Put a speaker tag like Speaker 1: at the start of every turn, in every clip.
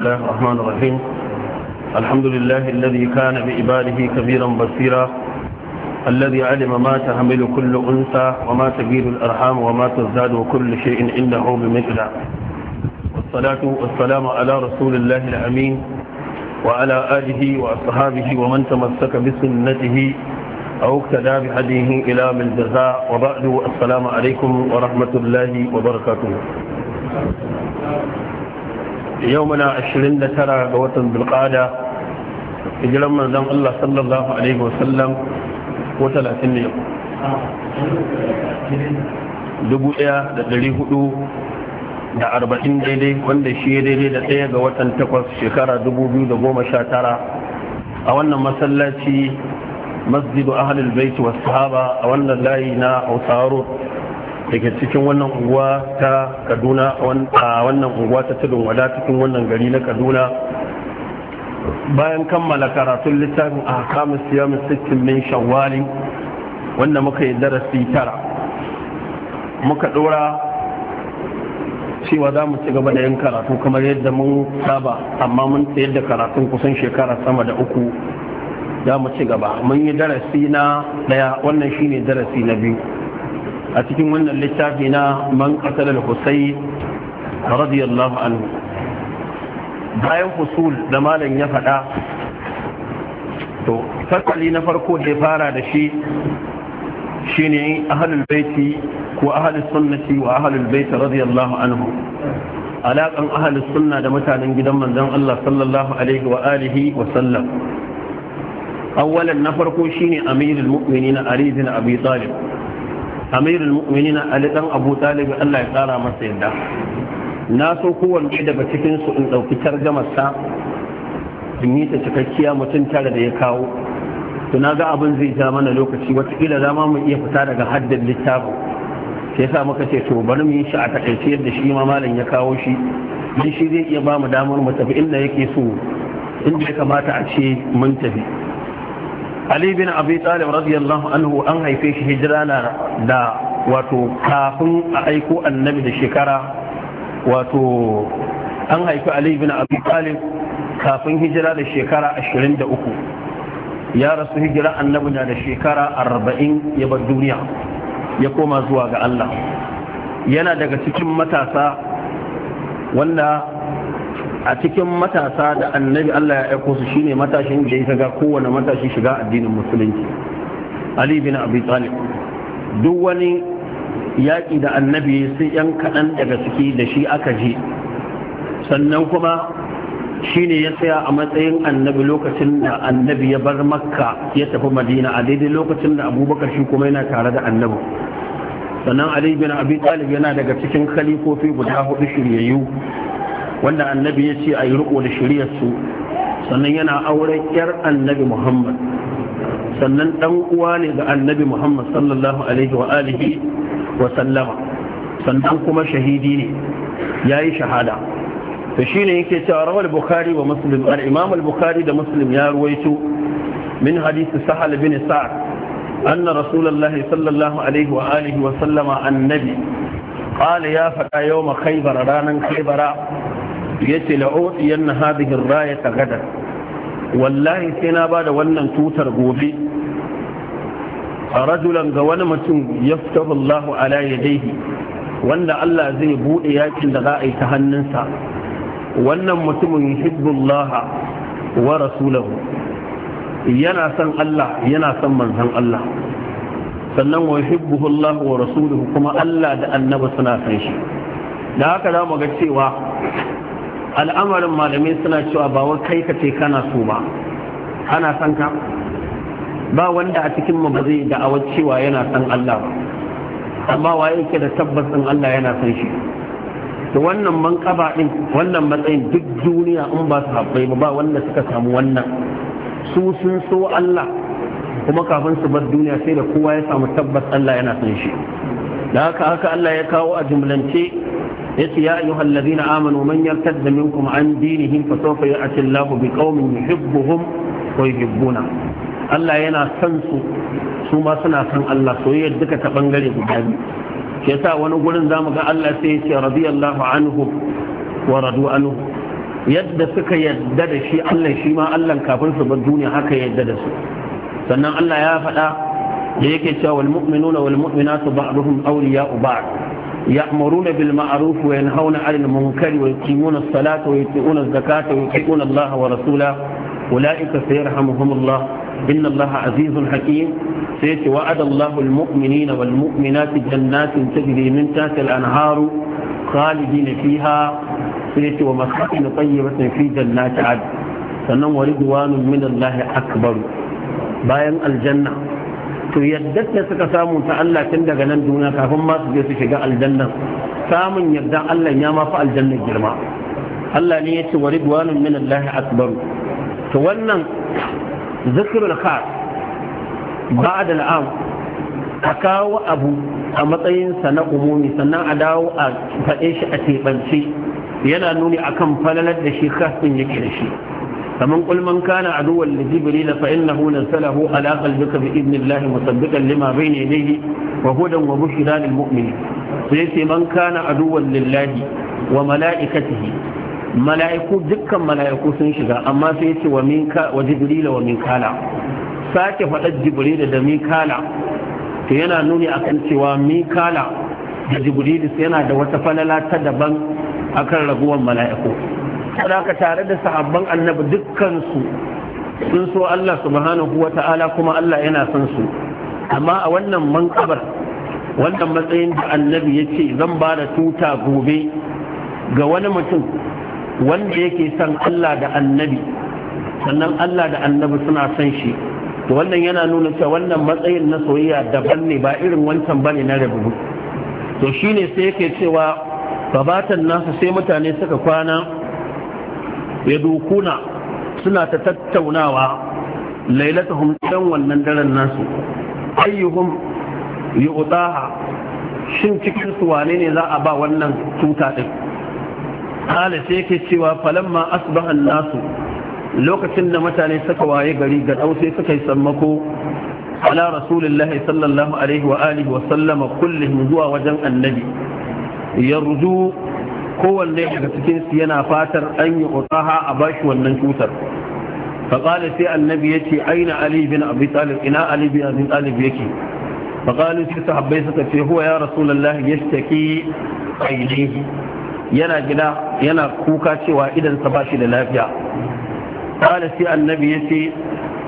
Speaker 1: الله الرحمن الرحيم الحمد لله الذي كان بإباده كبيرا بصيرا الذي علم ما تحمل كل أنثى وما تجيل الأرحام وما تزداد وكل شيء إنه بمثله والصلاة والسلام على رسول الله الأمين وعلى آله وأصحابه ومن تمسك بسنته أو اقتدى بهديه إلى من جزاء وبعد السلام عليكم ورحمة الله وبركاته yau muna 29 ga watan bulkada hijiran manzan Allah sallallahu Alaihi wasallam ko 30 ne dubu ɗaya da ɗari hudu da arba'in daidai wanda shi ya daidai da ɗaya ga watan takwas shekara dubu biyu da goma sha tara a wannan masallaci masjidu ahalul baiti wa sahaba a wannan layi na hausaro daga cikin wannan unguwa ta kaduna a wannan unguwa ta tudun wada cikin wannan gari na kaduna bayan kammala karatun littafin a kamus ya sittin min shawwali wanda muka yi darasi tara muka dora cewa za mu ci gaba da yin karatu kamar yadda mun saba amma mun tsayar da karatun kusan shekara sama da uku za mu ci gaba mun yi darasi na daya wannan shine darasi na biyu a cikin wannan littafi na man qatala al radiyallahu anhu bayan husul da malam ya faɗa to fasali na farko da ya fara da shi shine ahlul baiti ko ahlus sunnati wa ahlul bait radiyallahu anhu alaƙan ahalus sunna da mutanen gidan manzon Allah sallallahu alaihi wa alihi wa sallam awwalan na farko shine amirul mu'minin Ali bin Abi Talib al mu'minina ali dan abu talib Allah ya tsara masa yadda na so kowanne daga cikin su in dauki tarjamar sa in yi ta cikakkiya mutum tare da ya kawo to na ga abin zai ja mana lokaci wata kila za ma mu iya fita daga haddin littafin sai sa muka ce to bari mu yi shi a takaice yadda shi ma malam ya kawo shi shi zai iya ba mu damar mu tafi inda yake so inda ya kamata a ce mun tafi ali bin abi talib radiyallahu anhu an haife shi hijira na da wato kafin a aiko annabi da shekara wato an haifi ali bin abi talib kafin hijira da shekara 23 ya rasu hijira annabi na da shekara 40 ya bar duniya ya koma zuwa ga Allah yana daga cikin matasa wanda a cikin matasa da annabi Allah ya aiko su shine matashin da ya ga kowane matashi shiga addinin musulunci Ali bin Abi Talib duk wani yaƙi da annabi sai yan kaɗan daga ciki da shi aka je sannan kuma shine ya tsaya a matsayin annabi lokacin da annabi ya bar makka ya tafi madina a daidai lokacin da abubakar shi kuma yana tare da annabi sannan ali bin abi talib yana daga cikin khalifofi guda hudu shiryayyu wanda annabi ya ce a yi riko da shiriyar su sannan yana aure yar annabi muhammad sannan dan uwa ne ga annabi muhammad sallallahu alaihi wa alihi wa sallama sannan kuma shahidi ne ya yi shahada to shine yake cewa rawal Bukari wa muslim al imam al bukari da muslim ya ruwaito min hadith sahal bin sa'd anna rasulullah sallallahu alaihi wa alihi wa sallama annabi قال يا فتا يوم خيبر رانا خيبر yace la udiyanna hadhihi ar-rayata gadan wallahi sai na bada wannan tutar gobe rajulan ga wani mutum yaftahu Allahu ala yadayhi wanda Allah zai bude yakin da za a yi ta hannunsa wannan mutumin hibbullah wa rasulahu yana san Allah yana san manzon Allah sannan wa yuhibbuhu Allah wa rasuluhu kuma Allah da annabi suna san shi da haka za mu ga cewa al'amarin malamai suna cewa ba wai kai ka ce kana so ba ana son ka ba wanda a cikin mu ba zai da'awar cewa yana son Allah ba amma waye yake da tabbas din Allah yana son shi to wannan manƙaba din wannan matsayin duk duniya in ba su haɓɓai ba ba wanda suka samu wannan su sun so Allah kuma kafin su bar duniya sai da kowa ya samu tabbas Allah yana son shi da haka haka Allah ya kawo a jumlance yace ya ayyuha allazina amanu man yartadda minkum an dinihim fa sawfa ya'ti Allahu biqaumin yuhibbuhum wa yuhibbuna Allah yana son su su ma suna son Allah soyayya duka ta bangare guda biyu shi yasa wani gurin zamu ga Allah sai ya ce radiyallahu anhu wa radu anhu yadda suka yadda da shi Allah shi ma Allah kafin su bar duniya haka yadda da su sannan Allah ya faɗa da yake cewa wal mu'minuna wal mu'minatu ba'duhum awliya'u ba'd يأمرون بالمعروف وينهون عن المنكر ويقيمون الصلاة ويؤتون الزكاة ويطيعون الله ورسوله أولئك سيرحمهم الله إن الله عزيز حكيم سيت وعد الله المؤمنين والمؤمنات جنات تجري من تحت الأنهار خالدين فيها سيت ومساكن طيبة في جنات عدن سنن ورضوان من الله أكبر باين الجنة to yadda da suka samu ta Allah tun daga nan duniya kafin ma su je su shiga aljanna samun yardan Allah ya ma fi aljanna girma Allah ne ya ce wa ridwanun min Allah akbar to wannan zikrul khas ba'da al'am a kawo abu a matsayinsa na umumi sannan a dawo a faɗe shi a teɓance yana nuni akan falalar da shi kafin yake da shi kaman qul kana aduwwan li jibril fa innahu nazalahu ala qalbika bi idnillahi musaddiqan lima bayna yadayhi wa hudan wa bushra sai sai man kana aduwwan lillahi wa mala'ikatihi mala'iku dukkan mala'iku sun shiga amma sai yace wa minka wa minkala sake faɗar jibril da minkala to yana nuni akan cewa minkala da yana da wata falala ta daban akan raguwar mala'iku saboda tare da sahabban annabi dukkansu sun so Allah subhanahu wa ta'ala kuma Allah yana son su amma a wannan manƙabar wannan matsayin da annabi ya ce zan ba da tuta gobe ga wani mutum wanda yake son Allah da annabi sannan Allah da annabi suna son shi to wannan yana nuna cewa wannan matsayin na soyayya daban ne ba irin wancan bane na rabu to shine sai yake cewa babatan nasu sai mutane suka kwana yadukuna suna ta tattaunawa lailatahum dan wannan daren nasu ayyuhum yu'taha shin cikin su wane ne za a ba wannan tuta din kala yake cewa falamma asibahan nasu lokacin da mutane suka waye gari ga dau sai suka yi sammako ala rasulillahi sallallahu alaihi wa alihi wa sallama zuwa wajen annabi yarju kowanne daga cikin su yana fatar an yi utaha a bashi wannan cutar فقال سي النبي يتي أين علي بن أبي طالب إنا علي بن أبي طالب يكي فقالوا سي صحبي ستفي هو يا رسول الله يشتكي عينيه yana gida yana kuka cewa idan sa bashi da lafiya qala sai annabi yace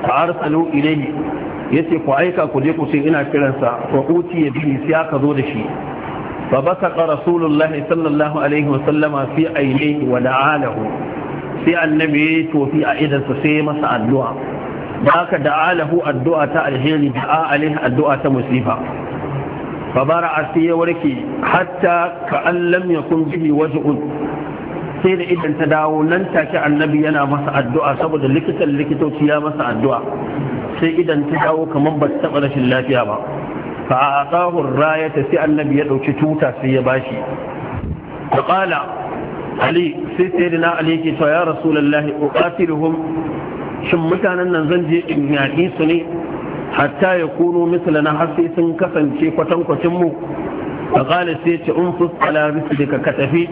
Speaker 1: arsalu ilayhi yace ku aika ku je ku ce ina kiransa ko uti ya bi sai aka zo da shi فبصق رسول الله صلى الله عليه وسلم في عينيه ودعا له في النبي وفي أيضا سيما الدعاء ذاك دعا له الدعاء الهيل دعا عليه الدعاء مصيبة فبرع سي وركي حتى كأن لم يكن به وجه sai da idan ta dawo nan take annabi yana masa addu'a saboda likitan likitoci ya masa addu'a sai idan ta dawo kamar ba ta taɓa rashin lafiya ba fa aqahu ar-rayata sai annabi ya ɗauki tuta sai ya bashi fa qala ali sai sayyidina ali yake cewa ya rasulullahi uqatiluhum shin mutanen nan zan je in yaƙi su ne hatta ya kuno misali na sai sun kasance kwatankwacin mu fa qala sai ce unfus ala risdika ka tafi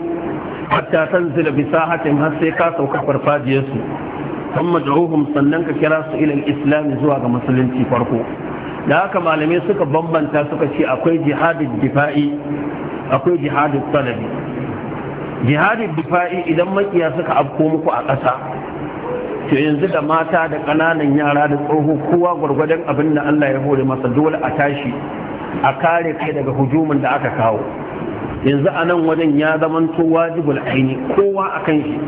Speaker 1: hatta tanzila bi sahatin har sai ka sauka farfajiyarsu amma da'uhum sannan ka kira su ila al zuwa ga musulunci farko da haka malamai suka bambanta suka ce akwai jihadin difa'i akwai jihadin talabi jihadin difa'i idan makiya suka afko muku a ƙasa to yanzu da mata da ƙananan yara da tsoho kowa gwargwadon abin da Allah ya hore masa dole a tashi a kare kai daga hujumin da aka kawo yanzu a nan wajen ya zamanto wajibul aini kowa a kan shi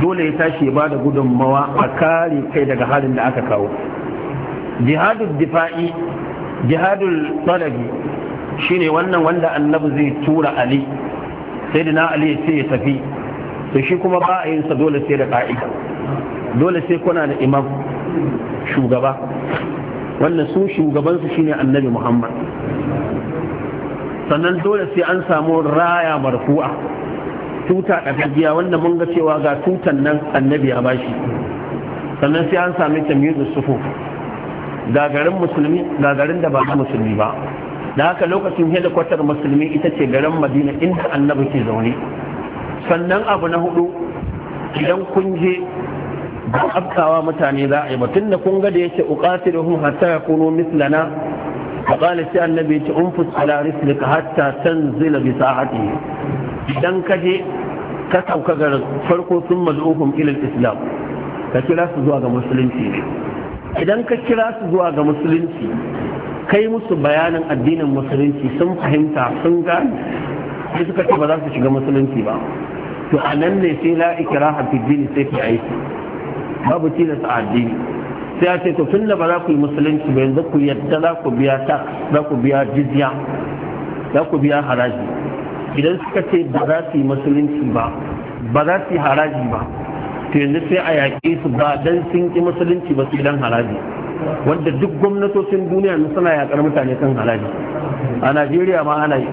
Speaker 1: dole ya tashi ya ba da gudunmawa a kare kai daga halin da aka kawo jihadul difa'i jihadul talabi shine wannan wanda annabi zai tura ali sai da na ali ya ce ya tafi to shi kuma ba a yin sa dole sai da ka'ida dole sai kuna da imam shugaba wannan su shugabansu shine annabi muhammad sannan dole sai an samu raya marfu'a tuta ɗafajiya wanda mun ga cewa ga tutan nan annabi ya bashi sannan sai an sami tamyizu sufuf gagarin musulmi gagarin da ba musulmi ba da haka lokacin hedikwatar musulmi ita ce garin madina inda annabi ke zaune sannan abu na hudu idan kun je ba afkawa mutane za a yi batun da kun ga da yake uqatiluhum hatta yakunu mislana a kala sai annabi ya ce un ala rislika hatta tanzila bi sa'ati idan ka je ka sauka ga farko sun mazuhun ilil islam ka kira su zuwa ga musulunci ne idan ka kira su zuwa ga musulunci kai musu bayanin addinin musulunci sun fahimta sun gane sai suka ce ba za su shiga musulunci ba to a nan ne sai la'i kira hafi dini sai fi aiki babu tilas a addini sai a ce to tun da ba za ku yi musulunci ba yanzu ku yadda za ku biya ta za ku biya jizya za ku biya haraji idan suka ce ba za su yi musulunci ba ba za su yi haraji ba to yanzu sai a yaƙe su ba dan sun ƙi musulunci ba su dan haraji wanda duk gwamnatocin duniya suna yaƙar mutane kan haraji a najeriya ma ana yi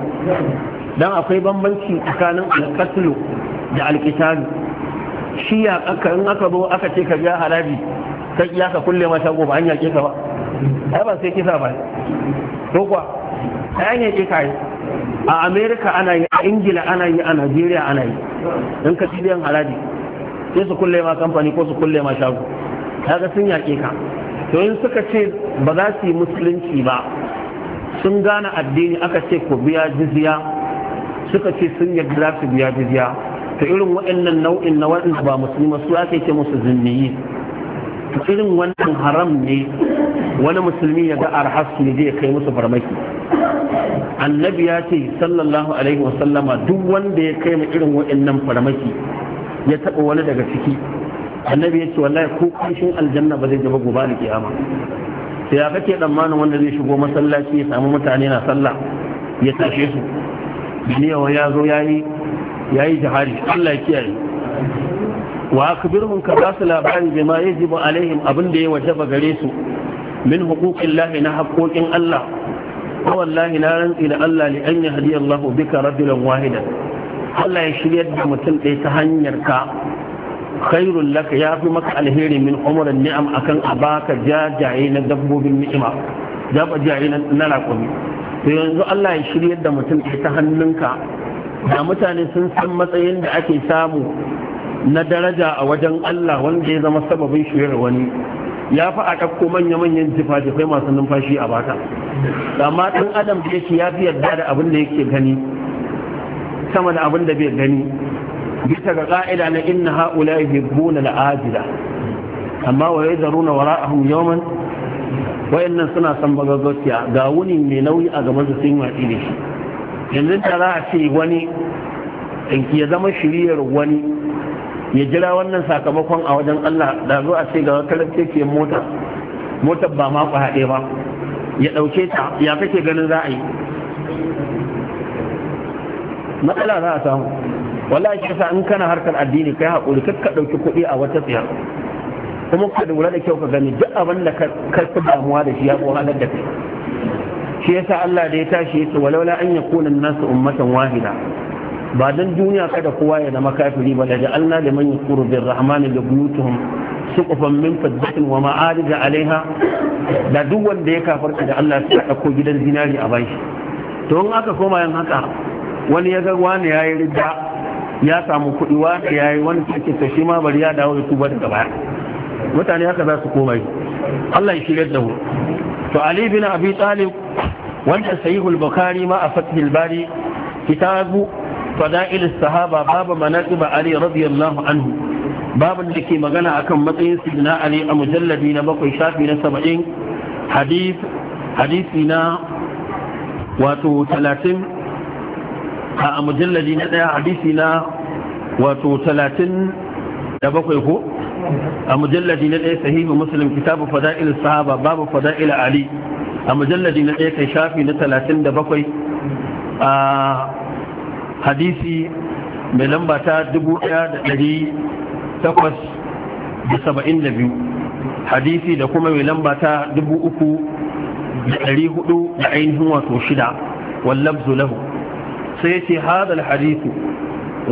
Speaker 1: dan akwai bambanci tsakanin alƙatulu da alƙitari shi ya in aka zo aka ce ka biya haraji kai iya ka kulle mata gobe an yaƙe ka ba ai ba sai kisa ba ko kuwa ai an yaƙe ka yi a amerika ana yi a ingila ana yi a najeriya ana yi in ka ci biyan haraji sai su kulle ma kamfani ko su kulle ma shago kaga sun yaƙe ka to in suka ce ba za su yi musulunci ba sun gane addini aka ce ku biya jizya suka ce sun yadda za su biya jizya to irin waɗannan nau'in na waɗanda ba musulma su ake ce musu zunniyi to irin wannan haram ne wani musulmi ya ga arhasu ne zai kai musu farmaki annabi ya ce sallallahu alaihi wasallama duk wanda ya kai mu irin waɗannan farmaki ya taɓa wani daga ciki annabi ya ce wallahi ko kashin aljanna ba zai jaba gobe da kiyama sai ya kake tsammanin wanda zai shigo masallaci ya samu mutane na sallah ya tashe su duniyawa ya zo ya yi ya yi jihari Allah ya kiyaye wa akbirhum ka ba su labari bai ma yajibu alaihim abin da ya wajaba gare su min huquqin lahi na haƙoƙin Allah wallahi na rantsi da Allah li an yahdi allahu bika rajulan wahidan Allah ya shiryar da mutum ɗaya ta hanyar ka khairul laka ya fi maka alheri min umurin ni'am akan a baka jajaye na dabbobin ni'ima jaba jaye na raƙumi to yanzu Allah ya shiryar da mutum ɗaya ta hannunka da mutane sun san matsayin da ake samu na daraja a wajen Allah wanda ya zama sababin shiryar wani ya fi a ɗauko manya-manyan jifa-jifai masu numfashi a baka amma ɗan adam da yake ya fi yarda da abin da yake gani sama da abin da bai gani bisa ga ka'ida na inna ha'ula yuhibbuna al'ajila amma wa yadruna wara'ahum yawman wayannan suna san bagaggaciya ga wuni mai nauyi a gaban su sun watsi da yanzu ta za a ce wani ya zama shiriyar wani ya jira wannan sakamakon a wajen Allah da zo a ce ga ke mota motar ba ma ku haɗe ba ya ɗauke ta ya kake ganin za a yi matsala za a samu wallahi shi yasa in kana harkar addini kai hakuri kai ka dauki kuɗi a wata tsiya kuma ka lura da kyau ka gani duk abin da ka fi damuwa da shi ya wahalar da kai shi yasa Allah da ya tashi yace walaula an yakuna an-nasu ummatan wahida ba dan duniya kada kowa ya zama kafiri ba da ja'alna liman yakuru birrahmani li buyutihim suqufan min fiddatin wa ma'arij 'alayha da duk wanda ya kafarta da Allah sai ka dauko gidan zinari a bashi to in aka koma yan haka wani ya ga ne ya yi ridda ya samu kuɗi wani ya yi wani take ta shi ma bari ya dawo da tuba daga baya mutane haka za su komai Allah ya shirya da mu to Ali bin Abi Talib wanda sahihul Bukhari ma a fathil bari kitabu fada'il sahaba babu manaqib Ali radiyallahu anhu babin da ke magana akan matsayin sidina Ali a mujalladi na bakwai shafi na saba'in hadisi na wato talatin a mujalladi na daya hadisi na wato 37 ko a mujalladi na daya sahihu muslim kitabu fada'il sahaba babu fada'il ali a mujalladi na daya kai shafi na 37 a hadisi mai lamba ta 1872 hadisi da kuma mai lamba ta 3400 da ainihin wato shida wallabzu lahu sai ya ce hadal hadithu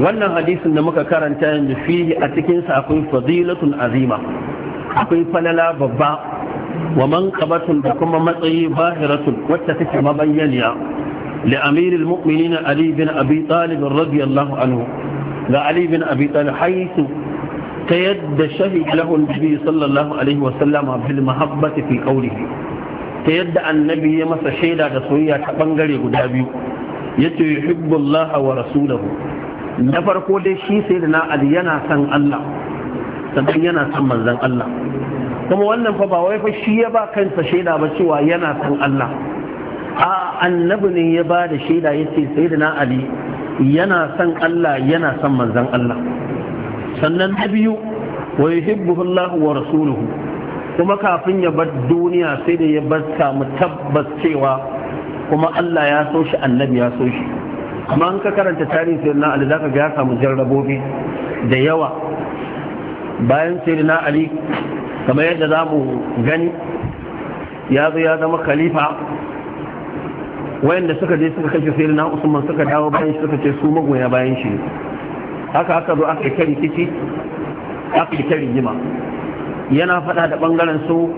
Speaker 1: wannan hadisin da muka karanta yanzu fiye a cikinsa akwai fadilatun azima akwai falala babba wa man manqabatun da kuma matsayi bahiratun wacce take mabayyaniya li amiril mu'minin ali bin abi talib radiyallahu anhu ga ali bin abi talib haythu ta yadda shahid lahu nabi sallallahu alaihi wa sallam bil mahabbati fi qawlihi ta yadda annabi ya masa shaida da soyayya ta bangare guda biyu yace yuhibbu wa rasulahu na farko dai shi na Ali yana san Allah sannan yana san manzon Allah kuma wannan fa ba wai fa shi ya ba kansa shaida ba cewa yana san Allah a annabi ne ya ba da shaida yace na Ali yana san Allah yana san manzon Allah sannan na biyu wa yuhibbuhu Allah wa rasuluhu kuma kafin ya bar duniya sai da ya bar mu tabbas cewa kuma Allah ya so shi annabi ya so shi amma an ka karanta tarihin na Ali zaka ga ya samu jarrabobi da yawa bayan na Ali kamar yadda za mu gani ya zo ya zama khalifa wayanda suka je suka kashe na Usman suka dawo bayan shi suka ce su magoya bayan shi haka aka zo aka kari kici aka kari rigima yana fada da bangaren su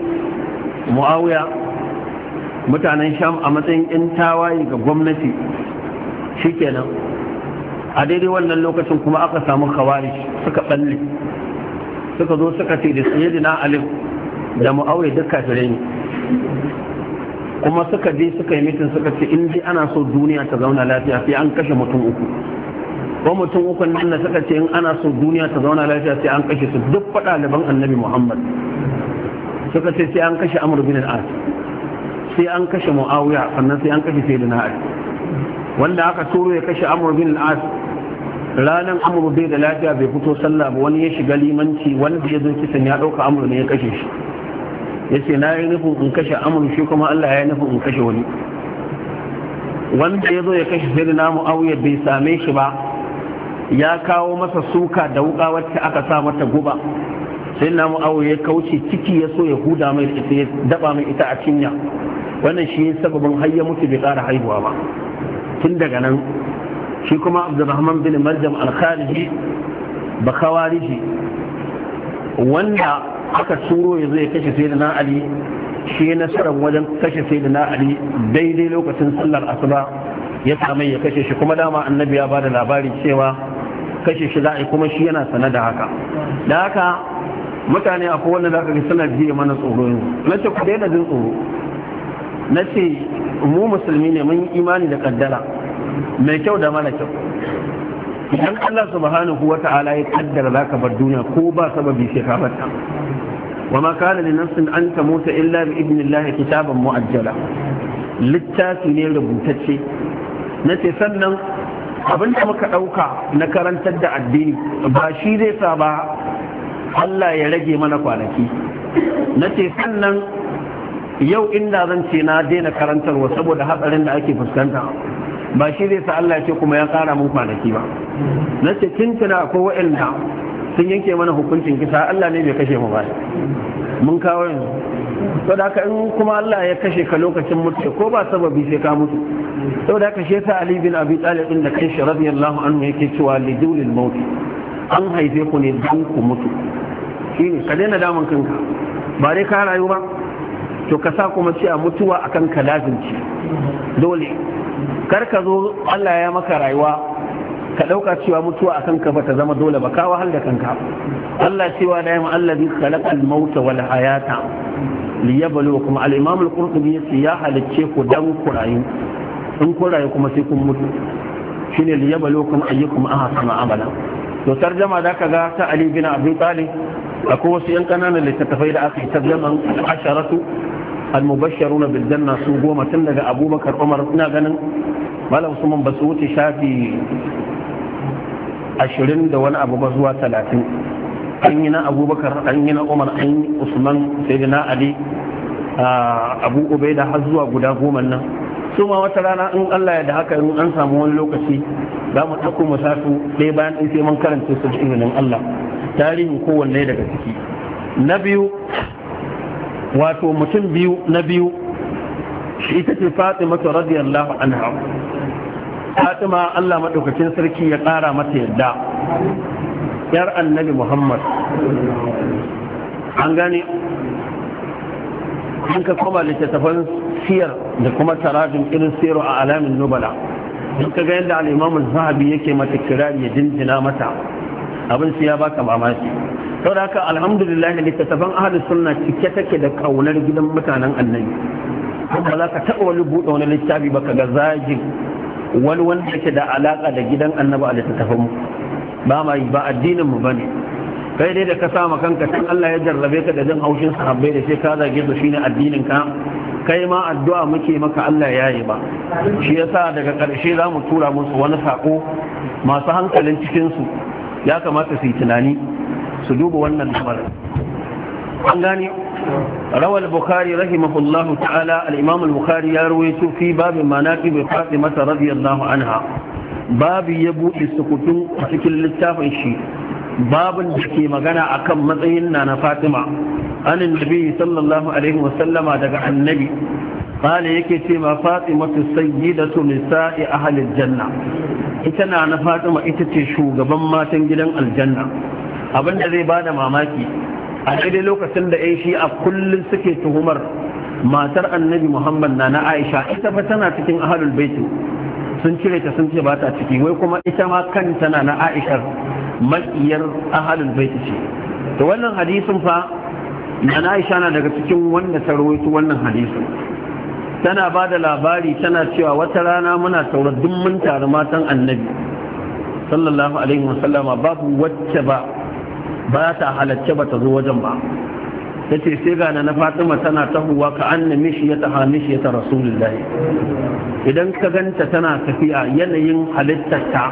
Speaker 1: Muawiya mutanen sham a matsayin yan tawaye ga gwamnati shikenan a daidai wannan lokacin kuma aka samu kawari suka balle suka zo suka ce da sayyidina alif da mu'awai duk kafirai ne kuma suka je suka yi mitin suka ce in dai ana so duniya ta zauna lafiya sai an kashe mutum uku ko mutum uku nan da suka ce in ana so duniya ta zauna lafiya sai an kashe su duk faɗa liban annabi muhammad suka ce sai an kashe amur bin al'ad sai an kashe muawiya sannan sai an kashe sai sayyidina ali wanda aka turo ya kashe amr bin al-as ranan amr bai da lafiya bai fito sallah ba wani ya shiga limanci wanda ya zo kisan ya ɗauka amr ne ya kashe shi Ya ce na yi nufin in kashe amr shi kuma Allah ya yi nufin in kashe wani wanda ya zo ya kashe sai sayyidina muawiya bai same shi ba ya kawo masa suka da wuka wacce aka sa mata guba sai na mu'awu ya kauce ciki ya so ya huda mai ita ya daba mai ita a cinya wannan shi sababin har ya mutu bai kara haihuwa ba tun daga nan shi kuma abdurrahman bin marjam al-khariji ba khawariji wanda aka turo ya zai kashe sai da ali shi nasarar wajen kashe sai da na ali daidai lokacin sallar asuba ya sami ya kashe shi kuma dama annabi ya ba da labari cewa kashe shi za'a kuma shi yana sane da haka da haka mutane akwai wanda za ka ga suna biye mana tsoro na ce ku daina jin tsoro na ce mu musulmi ne mun imani da kaddara mai kyau da mara kyau idan Allah subhanahu wa ta'ala ya kaddara za ka bar duniya ko ba sababi sai ka bar ta wa ma kana li nafsin an tamuta illa bi idnillahi kitaban mu'ajjala littafi ne rubutacce na ce sannan abinda muka ɗauka na karantar da addini ba shi zai sa ba Allah ya rage mana kwanaki na ce sannan yau inda zan ce na daina karantarwa saboda hatsarin da ake fuskanta ba shi zai sa Allah ya ce kuma ya kara mun kwanaki ba na ce tuntuna ko wa'anda sun yanke mana hukuncin kisa Allah ne bai kashe mu ba mun kawo yanzu saboda haka in kuma Allah ya kashe ka lokacin mutu ko ba sababi sai ka mutu saboda haka shi ta Ali bin Abi Talib din da kai shi radiyallahu anhu yake cewa dulil maut an haife ku ne don ku mutu shine ka daina damun kanka ba dai ka rayu ba to ka sa kuma ce a mutuwa akan ka lazimci dole kar ka zo Allah ya maka rayuwa ka ɗauka cewa mutuwa akan ka ba ta zama dole ba ka wahal da kanka Allah cewa da yamma Allah zai khalaqa al-mauta wal hayata liyabluwakum al-imam al-qurtubi yace ya halicce ku dan ku rayu in ku rayu kuma sai kun mutu shine liyabluwakum ayyukum ahsanu amala to tarjama da ka ga ta Ali bin Abi Talib akwai wasu yan kananan littattafai da aka yi ta zaman asharatu almubashsharuna bil janna su goma tun daga abubakar umar ina ganin malam usman ba su wuce shafi ashirin da wani abu ba zuwa talatin an yi na abubakar an yi na umar an yi usman sai da na ali abu ubai da har zuwa guda goma nan su ma wata rana in allah ya da haka in an samu wani lokaci za mu ɗauko mu sa su ɗaya bayan ɗin sai mun karanta su da izinin allah tarihin kowanne daga ciki na biyu wato mutum biyu na biyu ita ce fatima ta radiyallahu anha fatima allah maɗaukacin sarki ya ƙara mata yadda yar annabi muhammad an gane an ka koma littattafan siyar da kuma tarajin irin siyar a alamin nubala in ka ga yadda al'imamun zahabi yake mata kirari ya jinjina mata abin su ya baka mamaki saboda haka alhamdulillah littattafan ahlus sunna cike take da kaunar gidan mutanen annabi kuma za ka taɓa wani buɗe wani littafi baka ga zagin wani wanda yake da alaƙa da gidan annabi a littattafan mu ba ma ba addinin mu bane kai dai da ka sama kanka tun Allah ya jarrabe ka da jin haushin sahabbai da sai ka zage su shine addinin ka kai ma addu'a muke maka Allah ya yi ba shi yasa daga ƙarshe za mu tura musu wani sako masu hankalin cikinsu ya kamata su yi tunani su duba wannan lamarin an gane rawal bukhari rahimahullahu ta'ala al-imam al-bukhari ya babin manaki babu manaqib masa radiyallahu anha babu ya buɗe sukutun a cikin littafin shi babin da ke magana akan matsayin nana fatima anin nabi sallallahu alaihi wasallama daga annabi قال يكي da فاطمة السيدة a halin janna. ita na na fatima ita ce shugaban matan gidan aljanna abinda zai bada mamaki a daidai lokacin da yan shi a kullum suke tuhumar matar annabi muhammad na na aisha ita fa tana cikin ahalul baiti sun cire ta sun ce ba ta ciki wai kuma ita ma kanta na na aishar makiyar ahalul baiti ce to wannan hadisin fa na na aisha na daga cikin wanda ta rawaito wannan hadisin tana ba da labari tana cewa wata rana muna tauradun duk mun tare matan annabi sallallahu alaihi wasallama babu wacce ba ba ta halacce ba ta zo wajen ba ta ce sai gane na fatima tana tahuwa ka an na mishiyata ha mishiyata rasulullahi idan ka ganta tana tafiya yanayin halittata,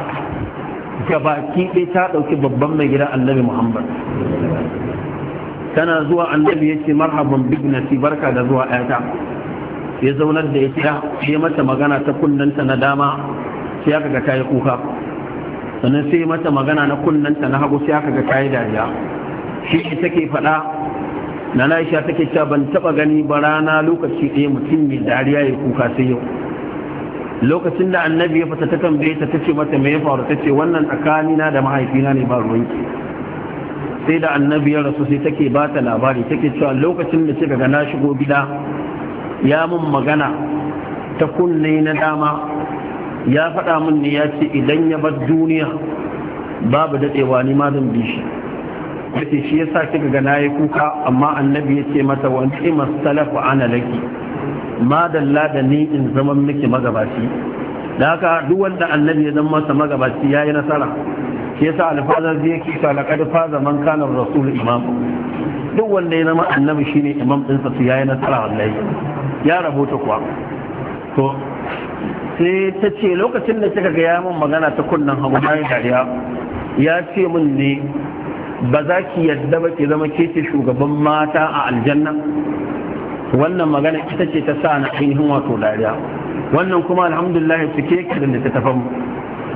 Speaker 1: gabaki ɗaya ta ɗauki babban mai gida annabi muhammad tana zuwa annabi ya ce marhaban bignati barka da zuwa ayata ya zaunar da ya ita ya mata magana ta kunnanta na dama sai aka ga tayi kuka sannan sai mata magana na kunnanta na hagu sai aka ga tayi dariya shi take faɗa na Aisha take cewa ban taba gani ba rana lokaci ɗaya mutum mai dariya ya kuka sai yau lokacin da annabi ya fata ta tambaye ta tace mata me ya faru tace wannan tsakanina da mahaifina ne ba ruwanki sai da annabi ya rasu sai take ba ta labari take cewa lokacin da kika ga na shigo gida ya mun magana ta kunne na dama ya faɗa mun ne ya ce idan ya bar duniya babu daɗewa ni ma zan bi shi yace shi yasa kika ga nayi kuka amma annabi yace mata wa anti masalafu ana laki ma dalla da ni in zama miki magabaci da haka duk wanda annabi ya zama masa magabaci yayi nasara shi yasa alfaza zai yake ta laqad faza man kana rasul imam duk wanda ya zama annabi shine imam din sa yayi nasara wallahi ya rahoto kuwa to sai ta ce lokacin da kika gaya ya min magana ta kunnan hagu na dariya ya ce min ne ba za ki yadda ba ki zama ke ce shugaban mata a aljanna wannan magana ita ce ta sa na ainihin wato dariya wannan kuma alhamdulillah su ke da ta tafan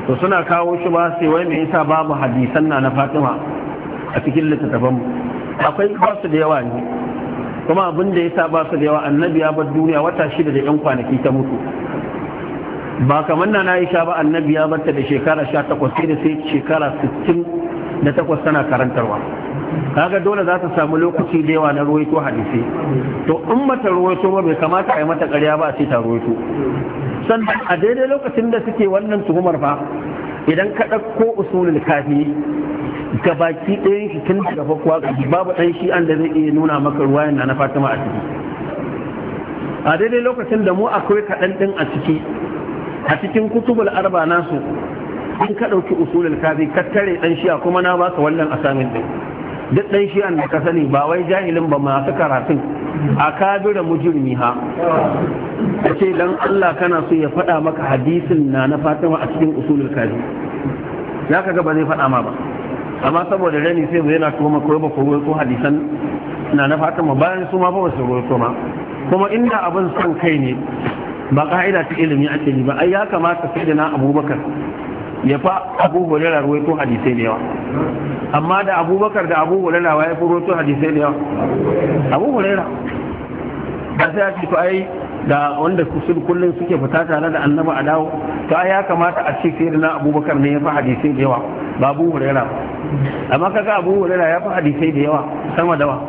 Speaker 1: to suna kawo shi ba sai wai me yasa babu hadisan na na Fatima a cikin littattafan akwai ba da yawa ne kuma abin da ya sa ba su da yawa annabi ya bar duniya wata shida da yan kwanaki ta mutu ba kamar na Aisha ba annabi ya ta da shekara sha-takwas sai da sai shekara 60 da takwas tana karantarwa kaga dole za ta samu lokaci da yawa na ruwaito hadisi to in mata ruwaito ba bai kamata a yi mata karya ba a ce ta ruwaito sannan a daidai lokacin da suke wannan tuhumar fa idan ka ɗauko usulul kafi ga baki ɗayan shi tun daga fakuwa babu ɗan shi an da zai iya nuna maka ruwa na na fatima a ciki a daidai lokacin da mu akwai kaɗan ɗin a ciki a cikin kutubul arba nasu in ka ɗauki usulul kafi ka tare ɗan shi'a kuma na baka wannan asamin ɗin duk ɗan shi'an da ka sani ba wai jahilin ba masu karatun a kabira mujirmiha a ce dan Allah kana so ya faɗa maka hadisin na na fatima a cikin usulul kaji ya kaga ba zai faɗa ma ba amma saboda rani sai zai yana kuma koyo ba koyo ko hadisan na na fatima bayan su ma ba wasu koyo kuma kuma inda abin son kai ne ba ka'ida ta ilimi ake yi ba ai ya kamata sai da na abubakar ya fa abu ruwai ruwaito hadisai da yawa amma da abubakar da abu hulala wa ya fi to hadisai da yawa abu hulala ba sai a ce to ai da wanda kusur kullum suke fita tare da annaba a dawo to ai ya kamata a ce sai na abubakar ne ya fa hadisai da yawa ba abu hulala amma kaga abu hulala ya fa hadisai da yawa sama da wa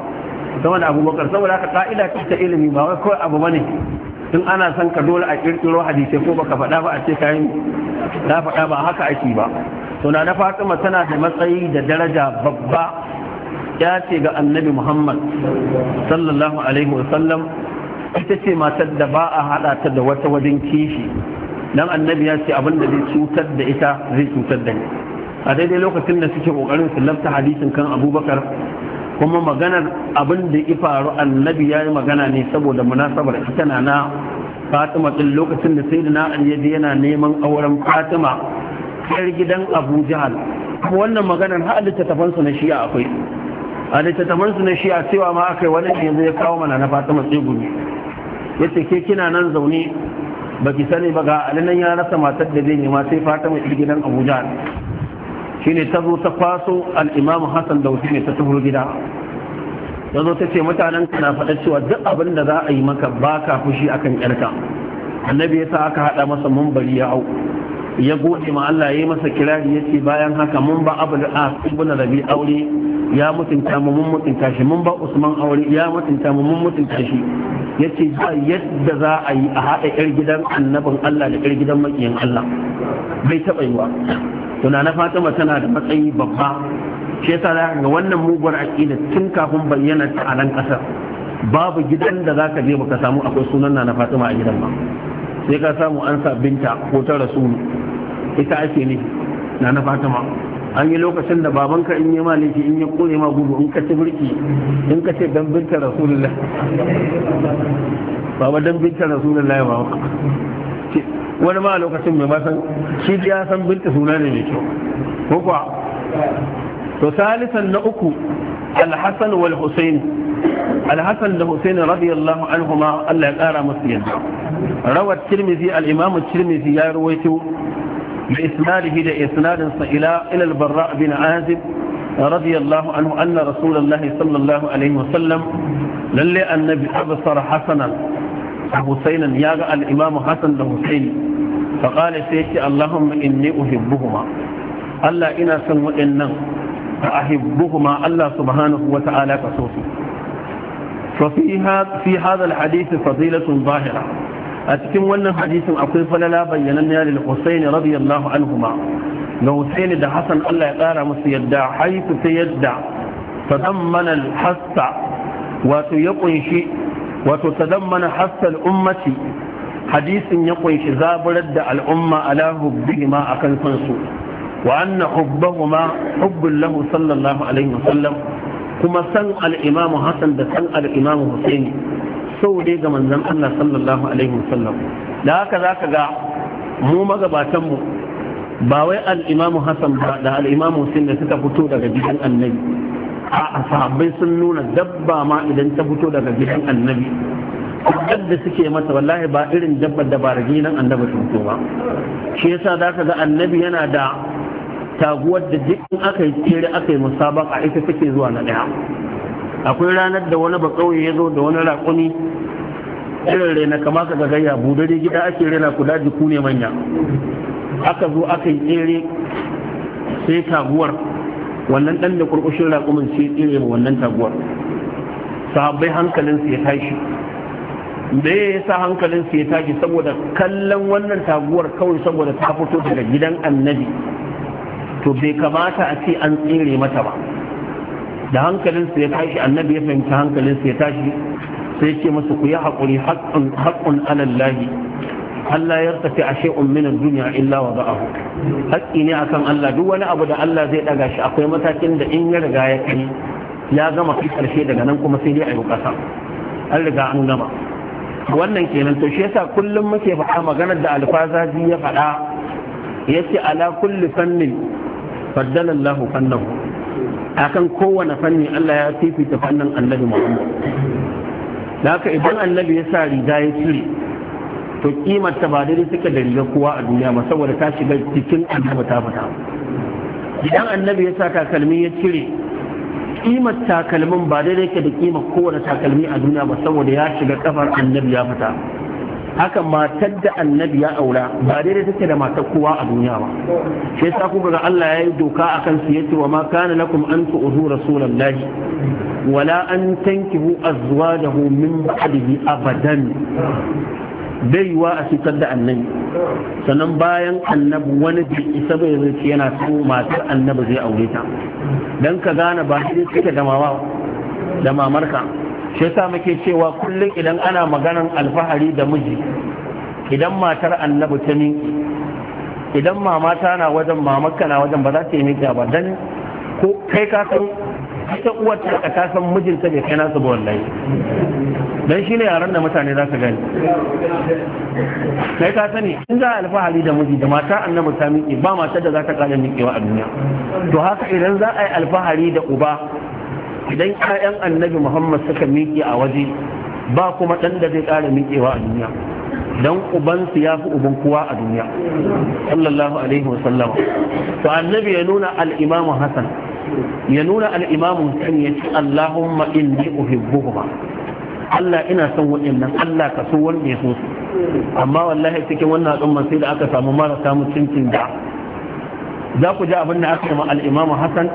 Speaker 1: sama da abubakar saboda ka ka'ida ta ilimi ba wai kawai abu bane tun ana son ka dole a kirkiro hadisai ko baka faɗa ba a ce kayan na faɗa ba haka ake ba to na fatima tana da matsayi da daraja babba ya ce ga annabi muhammad sallallahu alaihi wasallam ita ce matar da ba a haɗa ta da wata wajen kishi dan annabi ya ce abin da zai cutar da ita zai cutar da ni a daidai lokacin da suke kokarin su lafta hadisin kan abubakar kuma maganar abin da ya faru annabi ya yi magana ne saboda munasabar ita na na fatima ɗin lokacin da sai na aliyu yana neman auren fatima yar gidan abu jihal kuma wannan maganar har littattafansu na shiya akwai a littattafansu na shi'a cewa ma aka yi wani yanzu ya kawo mana na fatima tsegumi ya ce ke kina nan zaune ba ki sani ba ga alinan ya rasa matar da zai nema sai fatima ɗin gidan abu jihal shine ta zo ta kwaso al Hassan da ne ta taho gida ta zo ta ce mutanen na faɗa cewa duk abin da za a yi maka baka fushi akan yarka annabi ya sa aka haɗa masa mambari ya hau ya gode ma Allah ya yi masa kirari ya ce bayan haka mun ba abu da ibn rabi aure ya mutunta mu mun mutunta shi mun ba usman aure ya mutunta mu mun mutunta shi ya ce ba yadda za a yi a haɗa yar gidan annabin Allah da ƴar gidan makiyin Allah bai taɓa yi ba tuna na fatima tana da matsayi babba shi yasa za ga wannan muguwar aqida tun kafin bayyana ta a nan ƙasar babu gidan da za ka je baka samu akwai sunan na fatima a gidan ba sai ka samu an sa binta ko ta rasulu ita ake ne na na fatima an yi lokacin da babanka in yi maliki in yi kone ma gudu in ka ci birki in ka ce dan binta rasulullah baba dan binta rasulullah ba wani ma lokacin mai masan shi ya san binta suna ne mai kyau ko to salisan na uku alhassan wal husain alhassan da husain radiyallahu anhu ma Allah ya kara masu yadda rawat tirmizi al-imam tirmizi ya ruwaito bi isnadihi da isnadin sa ila ila al-barra bin azib radiyallahu anhu anna rasulullahi sallallahu alaihi wa sallam lalle annabi absara hasanan husainan ya ga al-imam da husaini faƙali sai ce allahun inni uhibbuhuma Allah ina son waɗannan ahibbuhuma Allah subhanahu wa ta'ala ka so su fi hada alhadisi fazilatun zahira a cikin wannan hadisin akwai falala bayyanan ne da Hussein radiyallahu anhuma da Hussein da Hassan Allah ya tsara musu yadda haifu ta yadda tadamman alhassa wato ya kunshi wato tadamman hassa al'ummati hadisin ya kunshi zaburar da al'umma ala hubbihima akan son su wa anna hubbahuma hubbun lahu sallallahu alaihi wasallam kuma san Al'imamu imamu hasan da san Al'imamu imamu husaini sau dai ga manzon Allah sallallahu alaihi wasallam da haka za ka ga mu magabatan mu ba wai Al'imamu imamu hasan ba da Al'imamu imamu husaini da suka fito daga gidan annabi a sahabbai sun nuna dabba ma idan ta fito daga gidan annabi dabbar da suke mata wallahi ba irin dabbar da ba nan annabi sun ba shi yasa za ka ga annabi yana da taguwar da duk in aka yi tsere aka yi a ita take zuwa na daya akwai ranar da wani bakauye ya zo da wani raƙumi irin rena kama ka gagayya budare gida ake rena ku daji ku ne manya aka zo aka yi tsere sai taguwar wannan ɗan da kurkushin raƙumin sai tsere wa wannan taguwar sahabbai hankalinsu ya tashi da ya sa hankalin su ya tashi saboda kallon wannan taguwar kawai saboda ta fito daga gidan annabi to bai kamata a ce an tsere mata ba da hankalin su ya tashi annabi ya fahimci hankalin su ya tashi sai ce masa ku yi haƙuri haƙƙun alallahi Allah ya tafi a shay'un min duniya dunya illa wa ba'ahu haƙƙi ne akan Allah duk wani abu da Allah zai ɗaga shi akwai matakin da in ya riga ya kai ya gama kai ƙarshe daga nan kuma sai dai a yi ƙasa an riga an gama wannan kenan to shi yasa kullum muke faɗa maganar da alfazaji ya faɗa yace ala kulli fannin faddala Allahu fannahu akan kowane fanni Allah ya fifita fannin Annabi Muhammad haka idan Annabi ya sa riga ya cire to kimar ta ba daidai suka da riga kowa a duniya ba saboda ta shiga cikin Annabi ta fata idan Annabi ya sa takalmi ya cire kimar takalmin ba daidai ke da kimar kowane takalmi a duniya ba saboda ya shiga kafar annabi ya fita haka matar da annabi ya aura ba daidai take da matar kowa a duniya ba shi yasa kuka ga Allah ya yi doka a kan su yace wa ma kana lakum an tu'zu rasulullahi wala an tankihu azwajahu min ba'dihi abadan bai wa a cutar da annabi sannan bayan annabi wani bai isa bai rufe yana so matar annabi zai aure ta don ka gane ba shi suke da da mamarka shi sa muke cewa kullum idan ana maganan alfahari da miji idan matar annabi ta ni idan mama ta na wajen mamarka na wajen ba za ta yi miki ba don ko kai ka san ita uwar ta ka san mijinta bai kai nasu ba wallahi shi ne yaren da mutane za su gani sai ka sani in za alfahari da miji da mata annabi ta miƙe ba mata da za ta kada miƙewa a duniya to haka idan za a yi alfahari da uba idan ƴaƴan annabi Muhammad suka miƙe a waje ba kuma ɗan da zai ƙara miƙewa a duniya dan ubansu ya fi uban kowa a duniya sallallahu alaihi wasallam to annabi ya nuna al-imamu hasan ya nuna al Sani, ya ce allahumma inni uhibbuhuma Allah ina son waɗannan Allah ka so wanda ya so su amma wallahi cikin wannan al'umma sai da aka samu marasa mutuncin da za ku ji abin da aka yi al'imamu Hassan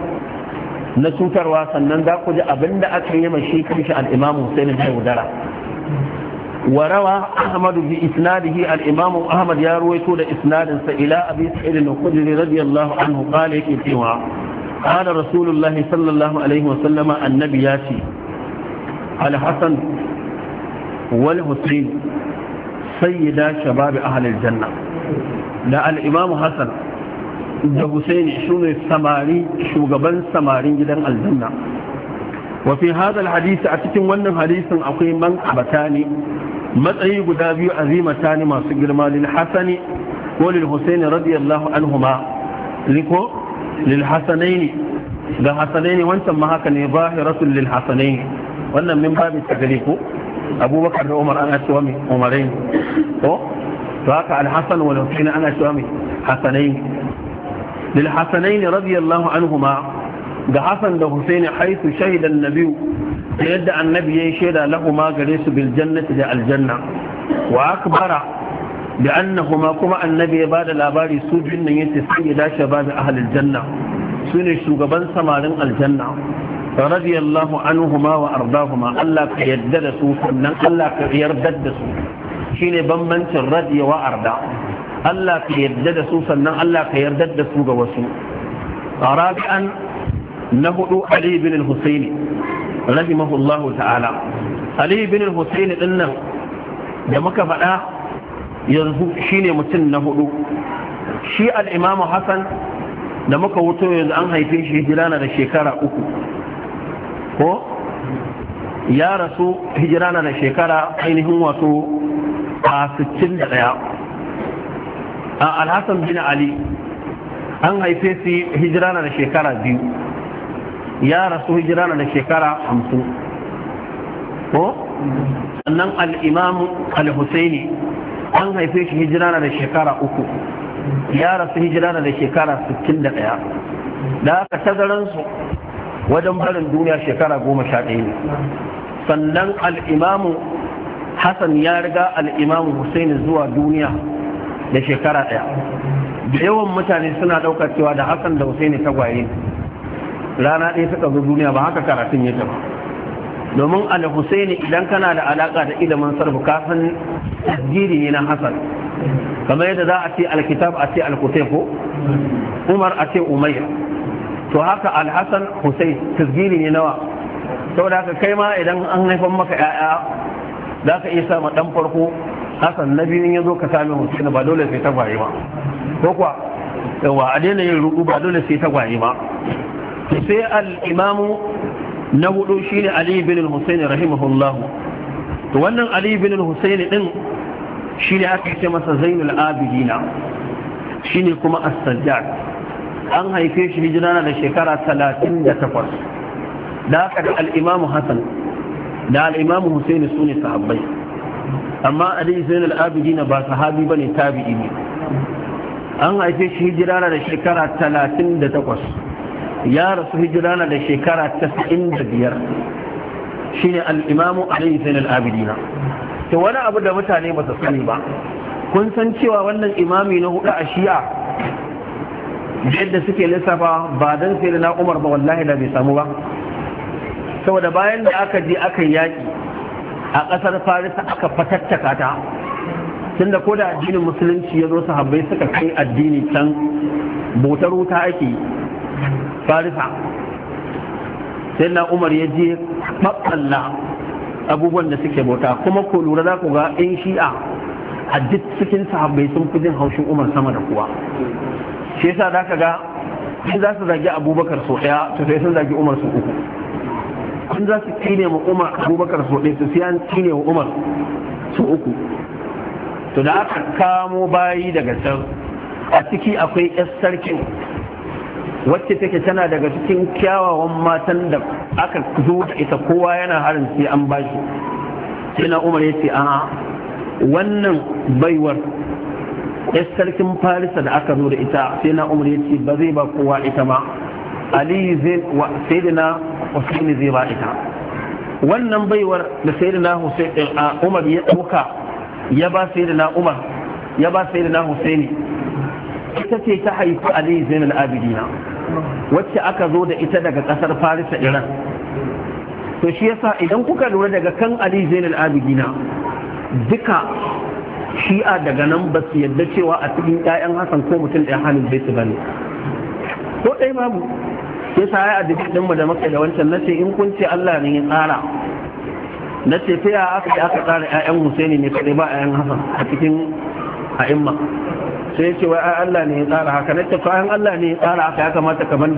Speaker 1: na cutarwa sannan za ku ji abin da aka yi ma shi kanshi al'imamu Hussein na yaudara وروى أحمد بإسناده الإمام أحمد يا رويتو لإسناد إلى أبي سعيد الخدري رضي الله عنه قال إتوا قال رسول الله صلى الله عليه وسلم النبي ياتي الحسن wal husayn sayyida shabab ahli aljanna da al-imam hasan da husaini shine samari shugaban samarin gidan aljanna wa fi hadha a cikin wannan hadisin akwai man abatani matsayi guda biyu azimatani masu girma lil hasani ko lil husaini radiyallahu anhuma liko lil hasanaini da hasanaini wancan ma haka ne wannan babu abubakar da umar ana cewa mai umarai to haka alhassan wani husaini ana cewa mai Hassanai lil hasanain radiyallahu anhuma da hasan da husaini haitu shahida annabi da yadda annabi yi shaida lahuma gare su bil jannati da aljanna wa akbara da annahuma kuma annabi ya bada labari su biyun nan yace sai ya dace ba da ahlul janna sune shugaban samarin aljanna radiyallahu anhuma wa ardahuma Allah ka yadda su sannan Allah ka yarda shine bambancin radiya wa arda Allah ka yarda su sannan Allah ka yarda ga wasu rabi'an na hudu bin husaini ta'ala Ali bin husaini dinnan da muka faɗa yanzu shine mutum na hudu shi al'imamu Hassan da muka wuto yanzu an haife shi hijira na da shekara uku ko ya rasu hijira na shekara ainihin wato a 61 a alhassan bin ali an haife su hijira na shekara biyu ya rasu hijira na shekara 50 ko sannan al'imam al-husaini an haife shi hijira na shekara uku ya rasu hijira na shekara 61 da aka tazaransu wajen barin duniya shekara goma sha ɗaya ne sannan al'imamu hassan ya riga al'imamu hussein zuwa duniya da shekara ɗaya da yawan mutane suna ɗaukar cewa da hassan da ta tagwaye rana ɗaya suka zo duniya ba haka karatun ya taɓa domin al idan kana da alaƙa da ilimin sarfu kasan tasgiri ne na hassan kamar yadda za a ce alkitab a ce alkutai ko umar a ce umayya to haka alhassan hussein tasgiri ne nawa da haka kai ma idan an haifan maka ya'ya za ka iya sama dan farko hassan na biyun ya zo ka sami hussein ba dole sai ta gwaye ba ko kuwa yawa a daina yin rudu ba dole sai ta gwaye ba sai al'imamu na hudu shi ne Aliyu bin hussein rahimahullahu to wannan Aliyu bin hussein din ne aka ce masa zainul abidina shi ne kuma as-sajjad an haife shi hijira na da shekara 38 da haka da al'imamu hassan da al'imamu Hussein su ne sahabbai amma ali zain al'abidi na ba sahabi ba ne tabi ne an haife shi hijira na da shekara 38 ya rasu hijira na da shekara 95 shi ne al'imamu ali zain al'abidi na ta wani abu da mutane ba su sani ba kun san cewa wannan imami na hudu a shi'a yadda suke lissafa ba don sai na umar ba wallahi da bai samu ba saboda bayan da aka je aka yaƙi a ƙasar farisa aka fatattaka ta tun da koda addinin musulunci ya zo sahabbai suka kai addini can bautar wuta ake farisa sai na umar ya je matsala abubuwan da suke bauta kuma ko lura za ku ga in shi'a a duk cikin sahabbai sun fi jin haushin umar sama da kuwa shi yasa za ka ga in za su zagi abubakar sau ɗaya to sai sun zagi umar su uku in za su tsine wa umar abubakar sau ɗaya to sai an tsine wa umar su uku to da aka kamo bayi daga can a ciki akwai yar sarkin wacce take tana daga cikin kyawawan matan da aka zo da ita kowa yana harin sai an bashi sai na umar ya ce a wannan baiwar sarkin farisa da aka zo da ita sai na umar ya ce ba zai ba kowa ita ma ali zai wa sayyidina husaini zai ba ita wannan baiwar da sayyidina husaini umar ya dauka ya ba sayyidina umar ya ba sayyidina husaini ita ce ta haifi ali na abidina wacce aka zo da ita daga kasar farisa iran to shi yasa idan kuka lura daga kan ali na abidina duka shi'a daga nan ba su yadda cewa a cikin 'ya'yan hasan ko mutum ɗaya hannun bai su ba ne ko ɗaya babu ya sa ya addu'a ɗinmu da maka da wancan Na ce in kun ce Allah ne ya tsara ce ta yaya aka yi aka tsara 'ya'yan Husaini ne kaɗai ba 'ya'yan hasan? a
Speaker 2: cikin a'imma sai ya ce wai Allah ne ya tsara haka ce fa an Allah ne ya tsara haka ya kamata kamar da